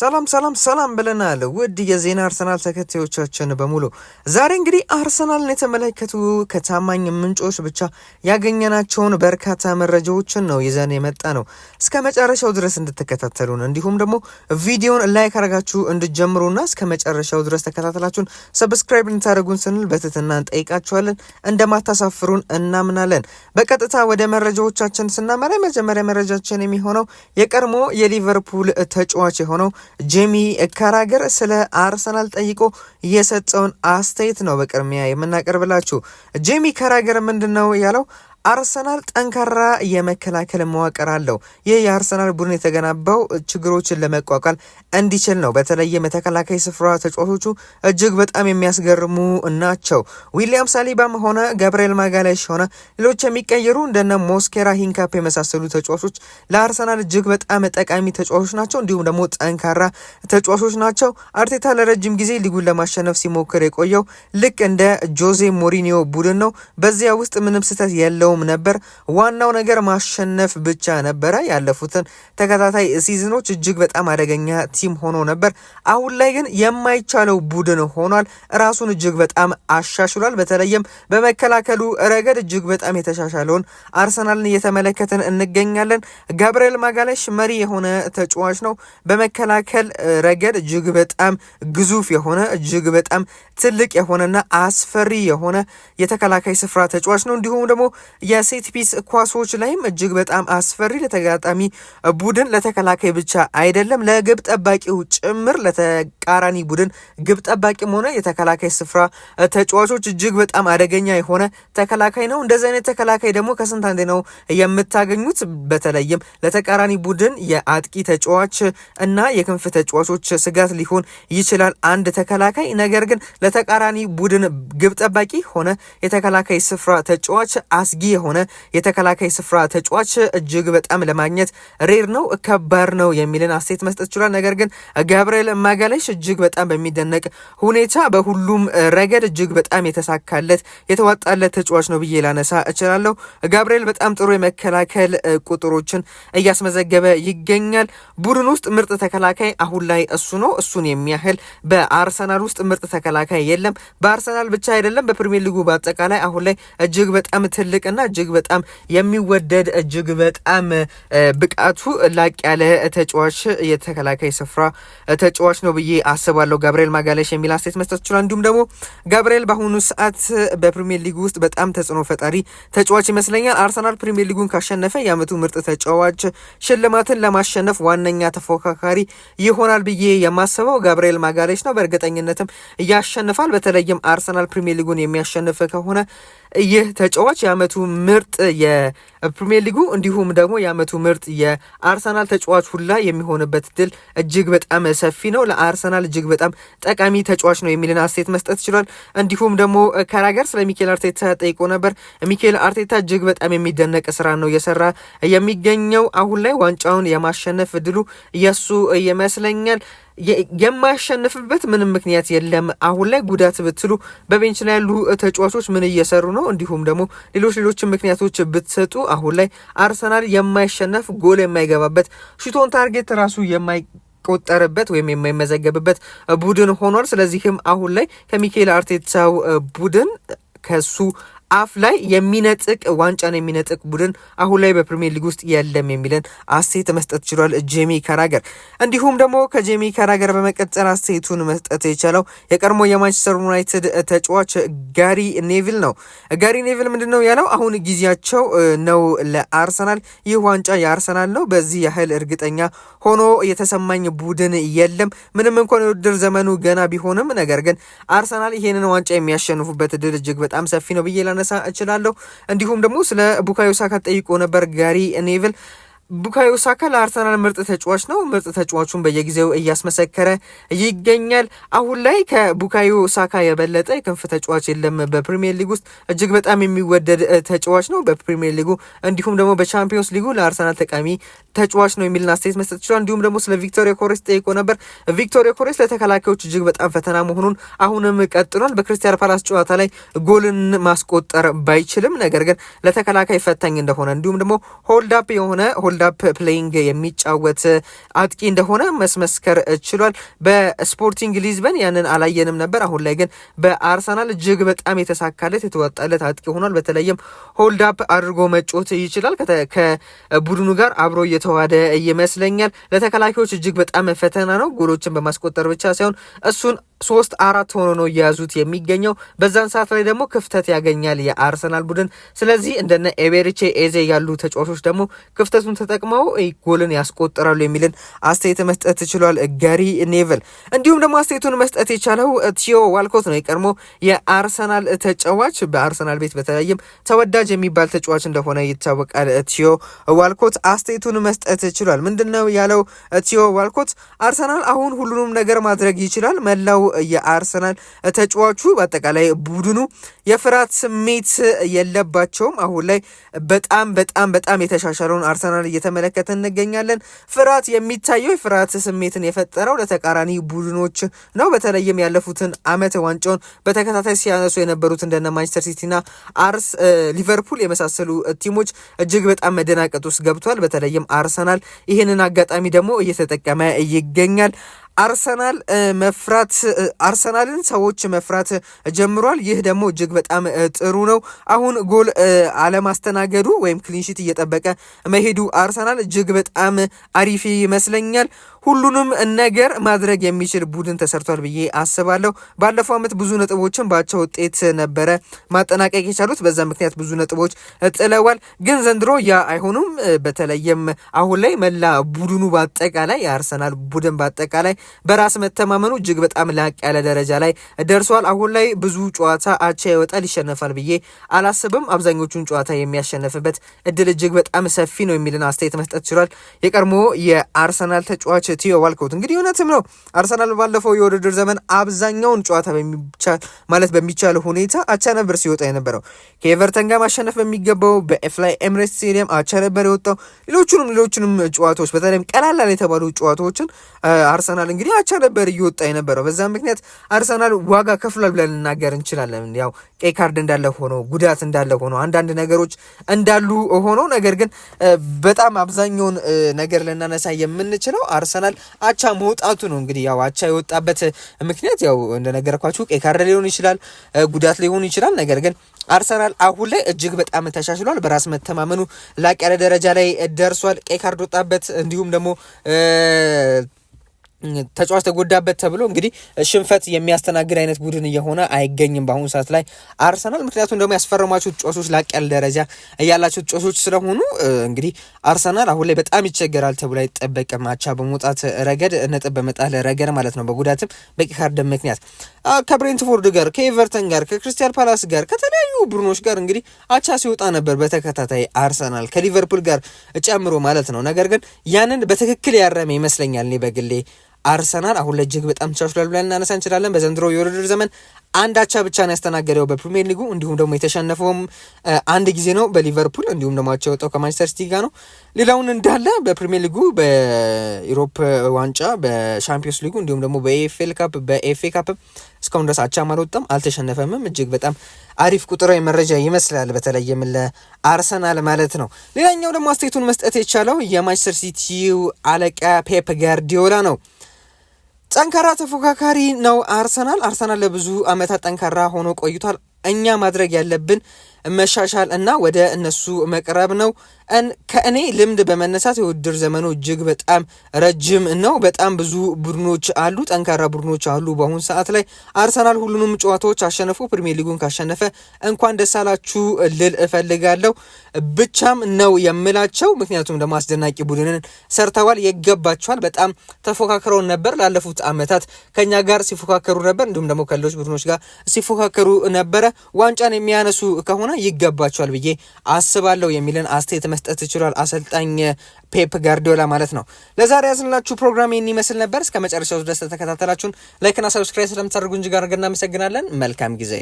ሰላም ሰላም ሰላም ብለናል። ውድ የዜና አርሰናል ተከታዮቻችን በሙሉ ዛሬ እንግዲህ አርሰናልን የተመለከቱ ከታማኝ ምንጮች ብቻ ያገኘናቸውን በርካታ መረጃዎችን ነው ይዘን የመጣ ነው። እስከ መጨረሻው ድረስ እንድትከታተሉን እንዲሁም ደግሞ ቪዲዮን ላይክ አድርጋችሁ እንድጀምሩና እስከ መጨረሻው ድረስ ተከታተላችሁን ሰብስክራይብ እንድታደርጉን ስንል በትህትና እንጠይቃችኋለን። እንደማታሳፍሩን እናምናለን። በቀጥታ ወደ መረጃዎቻችን ስናመራ መጀመሪያ መረጃችን የሚሆነው የቀድሞ የሊቨርፑል ተጫዋች የሆነው ጄሚ ካራገር ስለ አርሰናል ጠይቆ የሰጠውን አስተያየት ነው በቅድሚያ የምናቀርብላችሁ። ጄሚ ካራገር ምንድን ነው ያለው? አርሰናል ጠንካራ የመከላከል መዋቅር አለው። ይህ የአርሰናል ቡድን የተገነባው ችግሮችን ለመቋቋል እንዲችል ነው። በተለየ የተከላካይ ስፍራ ተጫዋቾቹ እጅግ በጣም የሚያስገርሙ ናቸው። ዊሊያም ሳሊባም ሆነ ገብርኤል ማጋለሽ ሆነ ሌሎች የሚቀየሩ እንደነ ሞስኬራ፣ ሂንካፕ የመሳሰሉ ተጫዋቾች ለአርሰናል እጅግ በጣም ጠቃሚ ተጫዋቾች ናቸው። እንዲሁም ደግሞ ጠንካራ ተጫዋቾች ናቸው። አርቴታ ለረጅም ጊዜ ሊጉን ለማሸነፍ ሲሞክር የቆየው ልክ እንደ ጆዜ ሞሪኒዮ ቡድን ነው። በዚያ ውስጥ ምንም ስህተት የለውም አልገባውም ነበር። ዋናው ነገር ማሸነፍ ብቻ ነበረ። ያለፉትን ተከታታይ ሲዝኖች እጅግ በጣም አደገኛ ቲም ሆኖ ነበር። አሁን ላይ ግን የማይቻለው ቡድን ሆኗል። ራሱን እጅግ በጣም አሻሽሏል። በተለይም በመከላከሉ ረገድ እጅግ በጣም የተሻሻለውን አርሰናልን እየተመለከትን እንገኛለን። ጋብርኤል ማጋለሽ መሪ የሆነ ተጫዋች ነው። በመከላከል ረገድ እጅግ በጣም ግዙፍ የሆነ እጅግ በጣም ትልቅ የሆነና አስፈሪ የሆነ የተከላካይ ስፍራ ተጫዋች ነው። እንዲሁም ደግሞ የሴት ፒስ ኳሶች ላይም እጅግ በጣም አስፈሪ ለተጋጣሚ ቡድን ለተከላካይ ብቻ አይደለም ለግብ ጠባቂው ጭምር ለተቃራኒ ቡድን ግብ ጠባቂም ሆነ የተከላካይ ስፍራ ተጫዋቾች እጅግ በጣም አደገኛ የሆነ ተከላካይ ነው። እንደዚህ አይነት ተከላካይ ደግሞ ከስንት አንዴ ነው የምታገኙት። በተለይም ለተቃራኒ ቡድን የአጥቂ ተጫዋች እና የክንፍ ተጫዋቾች ስጋት ሊሆን ይችላል አንድ ተከላካይ። ነገር ግን ለተቃራኒ ቡድን ግብ ጠባቂ ሆነ የተከላካይ ስፍራ ተጫዋች አስጊ የሆነ የተከላካይ ስፍራ ተጫዋች እጅግ በጣም ለማግኘት ሬር ነው፣ ከባድ ነው የሚልን አስተያየት መስጠት ችሏል። ነገር ግን ገብርኤል ማጋለሽ እጅግ በጣም በሚደነቅ ሁኔታ በሁሉም ረገድ እጅግ በጣም የተሳካለት የተዋጣለት ተጫዋች ነው ብዬ ላነሳ እችላለሁ። ገብርኤል በጣም ጥሩ የመከላከል ቁጥሮችን እያስመዘገበ ይገኛል። ቡድን ውስጥ ምርጥ ተከላካይ አሁን ላይ እሱ ነው። እሱን የሚያህል በአርሰናል ውስጥ ምርጥ ተከላካይ የለም። በአርሰናል ብቻ አይደለም፣ በፕሪሚየር ሊጉ በአጠቃላይ አሁን ላይ እጅግ በጣም ትልቅ እና እጅግ በጣም የሚወደድ እጅግ በጣም ብቃቱ ላቅ ያለ ተጫዋች የተከላካይ ስፍራ ተጫዋች ነው ብዬ አስባለሁ። ጋብርኤል ማጋለሽ የሚል አስተያየት መስጠት ይችላል። እንዲሁም ደግሞ ጋብርኤል በአሁኑ ሰዓት በፕሪሚየር ሊግ ውስጥ በጣም ተጽዕኖ ፈጣሪ ተጫዋች ይመስለኛል። አርሰናል ፕሪሚየር ሊጉን ካሸነፈ የአመቱ ምርጥ ተጫዋች ሽልማትን ለማሸነፍ ዋነኛ ተፎካካሪ ይሆናል ብዬ የማስበው ጋብርኤል ማጋለሽ ነው። በእርግጠኝነትም ያሸንፋል። በተለይም አርሰናል ፕሪሚየር ሊጉን የሚያሸንፍ ከሆነ ይህ ተጫዋች የአመቱ ምርጥ የፕሪሚየር ሊጉ እንዲሁም ደግሞ የአመቱ ምርጥ የአርሰናል ተጫዋች ሁላ የሚሆንበት እድል እጅግ በጣም ሰፊ ነው። ለአርሰናል እጅግ በጣም ጠቃሚ ተጫዋች ነው የሚልን አስተያየት መስጠት ይችላል። እንዲሁም ደግሞ ከራገር ስለ ሚኬል አርቴታ ጠይቆ ነበር። ሚኬል አርቴታ እጅግ በጣም የሚደነቅ ስራ ነው እየሰራ የሚገኘው። አሁን ላይ ዋንጫውን የማሸነፍ እድሉ የሱ ይመስለኛል። የማያሸንፍበት ምንም ምክንያት የለም። አሁን ላይ ጉዳት ብትሉ በቤንች ላይ ያሉ ተጫዋቾች ምን እየሰሩ ነው፣ እንዲሁም ደግሞ ሌሎች ሌሎችን ምክንያቶች ብትሰጡ አሁን ላይ አርሰናል የማይሸነፍ ጎል የማይገባበት ሽቶን ታርጌት ራሱ የማይ ቆጠረበት ወይም የማይመዘገብበት ቡድን ሆኗል። ስለዚህም አሁን ላይ ከሚካኤል አርቴታው ቡድን ከሱ አፍ ላይ የሚነጥቅ ዋንጫን የሚነጥቅ ቡድን አሁን ላይ በፕሪሚየር ሊግ ውስጥ የለም የሚለን አሴት መስጠት ችሏል ጄሚ ካራገር። እንዲሁም ደግሞ ከጄሚ ካራገር በመቀጠል አሴቱን መስጠት የቻለው የቀድሞ የማንቸስተር ዩናይትድ ተጫዋች ጋሪ ኔቪል ነው። ጋሪ ኔቪል ምንድን ነው ያለው? አሁን ጊዜያቸው ነው ለአርሰናል። ይህ ዋንጫ የአርሰናል ነው። በዚህ ያህል እርግጠኛ ሆኖ የተሰማኝ ቡድን የለም። ምንም እንኳን የውድድር ዘመኑ ገና ቢሆንም ነገር ግን አርሰናል ይሄንን ዋንጫ የሚያሸንፉበት እድል እጅግ በጣም ሰፊ ነው ብዬ ላነሳ እችላለሁ። እንዲሁም ደግሞ ስለ ቡካዮ ሳካ ጠይቆ ነበር ጋሪ ኔቭል ቡካዮ ሳካ ለአርሰናል ምርጥ ተጫዋች ነው። ምርጥ ተጫዋቹን በየጊዜው እያስመሰከረ ይገኛል። አሁን ላይ ከቡካዮ ሳካ የበለጠ የክንፍ ተጫዋች የለም በፕሪሚየር ሊግ ውስጥ እጅግ በጣም የሚወደድ ተጫዋች ነው በፕሪሚየር ሊጉ፣ እንዲሁም ደግሞ በቻምፒዮንስ ሊጉ ለአርሰናል ጠቃሚ ተጫዋች ነው የሚልን አስተያየት መስጠት ይችላል። እንዲሁም ደግሞ ስለ ቪክቶሪያ ኮሬስ ጠይቆ ነበር። ቪክቶሪያ ኮሬስ ለተከላካዮች እጅግ በጣም ፈተና መሆኑን አሁንም ቀጥሏል። በክርስቲያን ፓላስ ጨዋታ ላይ ጎልን ማስቆጠር ባይችልም ነገር ግን ለተከላካይ ፈታኝ እንደሆነ እንዲሁም ደግሞ ሆልድ አፕ የሆነ ሆልድ አፕ ፕሌይንግ የሚጫወት አጥቂ እንደሆነ መስመስከር ችሏል። በስፖርቲንግ ሊዝበን ያንን አላየንም ነበር። አሁን ላይ ግን በአርሰናል እጅግ በጣም የተሳካለት የተወጣለት አጥቂ ሆኗል። በተለይም ሆልድ አፕ አድርጎ መጮት ይችላል። ከቡድኑ ጋር አብሮ እየተዋደ ይመስለኛል። ለተከላካዮች እጅግ በጣም ፈተና ነው። ጎሎችን በማስቆጠር ብቻ ሳይሆን እሱን ሶስት አራት ሆኖ ነው እየያዙት የሚገኘው። በዛን ሰዓት ላይ ደግሞ ክፍተት ያገኛል የአርሰናል ቡድን። ስለዚህ እንደነ ኤቤሪቼ ኤዜ ያሉ ተጫዋቾች ደግሞ ክፍተቱን ተጠቅመው ጎልን ያስቆጥራሉ የሚልን አስተያየት መስጠት ችሏል ጋሪ ኔቨል። እንዲሁም ደግሞ አስተያየቱን መስጠት የቻለው ቲዮ ዋልኮት ነው። የቀድሞ የአርሰናል ተጫዋች በአርሰናል ቤት በተለይም ተወዳጅ የሚባል ተጫዋች እንደሆነ ይታወቃል። ቲዮ ዋልኮት አስተያየቱን መስጠት ችሏል። ምንድን ነው ያለው ቲዮ ዋልኮት? አርሰናል አሁን ሁሉንም ነገር ማድረግ ይችላል መላው የአርሰናል ተጫዋቹ በአጠቃላይ ቡድኑ የፍርሃት ስሜት የለባቸውም። አሁን ላይ በጣም በጣም በጣም የተሻሻለውን አርሰናል እየተመለከተ እንገኛለን። ፍርሃት የሚታየው የፍርሃት ስሜትን የፈጠረው ለተቃራኒ ቡድኖች ነው። በተለይም ያለፉትን አመት ዋንጫውን በተከታታይ ሲያነሱ የነበሩት እንደነ ማንቸስተር ሲቲና አርስ ሊቨርፑል የመሳሰሉ ቲሞች እጅግ በጣም መደናቀጥ ውስጥ ገብቷል። በተለይም አርሰናል ይህንን አጋጣሚ ደግሞ እየተጠቀመ ይገኛል። አርሰናል መፍራት አርሰናልን ሰዎች መፍራት ጀምሯል። ይህ ደግሞ እጅግ በጣም ጥሩ ነው። አሁን ጎል አለማስተናገዱ ወይም ክሊንሺት እየጠበቀ መሄዱ አርሰናል እጅግ በጣም አሪፍ ይመስለኛል። ሁሉንም ነገር ማድረግ የሚችል ቡድን ተሰርቷል ብዬ አስባለሁ። ባለፈው ዓመት ብዙ ነጥቦችን በአቻ ውጤት ነበረ ማጠናቀቅ የቻሉት። በዛ ምክንያት ብዙ ነጥቦች ጥለዋል። ግን ዘንድሮ ያ አይሆኑም። በተለይም አሁን ላይ መላ ቡድኑ በአጠቃላይ የአርሰናል ቡድን በአጠቃላይ በራስ መተማመኑ እጅግ በጣም ላቅ ያለ ደረጃ ላይ ደርሷል። አሁን ላይ ብዙ ጨዋታ አቻ ይወጣል፣ ይሸነፋል ብዬ አላስብም። አብዛኞቹን ጨዋታ የሚያሸነፍበት እድል እጅግ በጣም ሰፊ ነው የሚልን አስተያየት መስጠት ችሏል። የቀድሞ የአርሰናል ተጫዋች ቲዮ ዋልኮት እንግዲህ እውነትም ነው። አርሰናል ባለፈው የውድድር ዘመን አብዛኛውን ጨዋታ ማለት በሚቻለው ሁኔታ አቻ ነበር ሲወጣ የነበረው። ከኤቨርተን ጋር ማሸነፍ በሚገባው በኤፍላይ ኤምሬትስ ስቴዲየም አቻ ነበር የወጣው። ሌሎቹንም ሌሎቹንም ጨዋታዎች በተለይም ቀላላል የተባሉ ጨዋታዎችን አርሰናል እንግዲህ አቻ ነበር እየወጣ የነበረው። በዛም ምክንያት አርሰናል ዋጋ ከፍሏል ብለን ልናገር እንችላለን። ያው ቀይ ካርድ እንዳለ ሆኖ ጉዳት እንዳለ ሆኖ አንዳንድ ነገሮች እንዳሉ ሆኖ ነገር ግን በጣም አብዛኛውን ነገር ልናነሳ የምንችለው አርሰናል አይተናል። አቻ መውጣቱ ነው እንግዲህ ያው አቻ የወጣበት ምክንያት ያው እንደነገርኳችሁ ቀይ ካርድ ሊሆን ይችላል፣ ጉዳት ሊሆን ይችላል። ነገር ግን አርሰናል አሁን ላይ እጅግ በጣም ተሻሽሏል። በራስ መተማመኑ ላቅ ያለ ደረጃ ላይ ደርሷል። ቀይ ካርድ ወጣበት እንዲሁም ደግሞ ተጫዋች ተጎዳበት ተብሎ እንግዲህ ሽንፈት የሚያስተናግድ አይነት ቡድን እየሆነ አይገኝም በአሁኑ ሰዓት ላይ አርሰናል። ምክንያቱም ደግሞ ያስፈረማቸው ተጫዋቾች ላቅ ያለ ደረጃ እያላቸው ተጫዋቾች ስለሆኑ እንግዲህ አርሰናል አሁን ላይ በጣም ይቸገራል ተብሎ አይጠበቅም። አቻ በመውጣት ረገድ፣ ነጥብ በመጣል ረገድ ማለት ነው። በጉዳትም በቀይ ካርድ ምክንያት ከብሬንትፎርድ ጋር፣ ከኤቨርተን ጋር፣ ከክሪስታል ፓላስ ጋር፣ ከተለያዩ ቡድኖች ጋር እንግዲህ አቻ ሲወጣ ነበር በተከታታይ አርሰናል ከሊቨርፑል ጋር ጨምሮ ማለት ነው። ነገር ግን ያንን በትክክል ያረመ ይመስለኛል እኔ በግሌ አርሰናል አሁን ላይ እጅግ በጣም ተሻሽሏል ብለን እናነሳ እንችላለን። በዘንድሮ የውድድር ዘመን አንድ አቻ ብቻ ነው ያስተናገደው በፕሪሚየር ሊጉ። እንዲሁም ደግሞ የተሸነፈውም አንድ ጊዜ ነው በሊቨርፑል፣ እንዲሁም ደግሞ አቻ የወጣው ከማንቸስተር ሲቲ ጋር ነው። ሌላውን እንዳለ በፕሪሚየር ሊጉ፣ በኢሮፕ ዋንጫ፣ በሻምፒዮንስ ሊጉ እንዲሁም ደግሞ በኤፍኤል ካፕ፣ በኤፍኤ ካፕ እስካሁን ድረስ አቻም አልወጣም አልተሸነፈምም። እጅግ በጣም አሪፍ ቁጥራዊ መረጃ ይመስላል፣ በተለይም ለአርሰናል ማለት ነው። ሌላኛው ደግሞ አስተያየቱን መስጠት የቻለው የማንቸስተር ሲቲው አለቃ ፔፕ ጋርዲዮላ ነው። ጠንካራ ተፎካካሪ ነው አርሰናል። አርሰናል ለብዙ አመታት ጠንካራ ሆኖ ቆይቷል። እኛ ማድረግ ያለብን መሻሻል እና ወደ እነሱ መቅረብ ነው። ከእኔ ልምድ በመነሳት የውድድር ዘመኑ እጅግ በጣም ረጅም ነው። በጣም ብዙ ቡድኖች አሉ፣ ጠንካራ ቡድኖች አሉ። በአሁኑ ሰዓት ላይ አርሰናል ሁሉንም ጨዋታዎች አሸነፉ። ፕሪሚየር ሊጉን ካሸነፈ እንኳን ደስ አላችሁ ልል እፈልጋለሁ። ብቻም ነው የምላቸው፣ ምክንያቱም ደግሞ አስደናቂ ቡድንን ሰርተዋል። ይገባቸዋል። በጣም ተፎካክረው ነበር። ላለፉት አመታት ከኛ ጋር ሲፎካከሩ ነበር፣ እንዲሁም ደግሞ ከሌሎች ቡድኖች ጋር ሲፎካከሩ ነበረ። ዋንጫን የሚያነሱ ከሆነ ይገባቸዋል ብዬ አስባለሁ የሚልን አስተያየት መስጠት ይችሏል አሰልጣኝ ፔፕ ጋርዲዮላ ማለት ነው። ለዛሬ ያዝንላችሁ ፕሮግራም ይህን ይመስል ነበር። እስከ መጨረሻው ድረስ ተከታተላችሁን። ላይክና ሰብስክራይብ ስለምታደርጉ እንጂ ጋር እናመሰግናለን። መልካም ጊዜ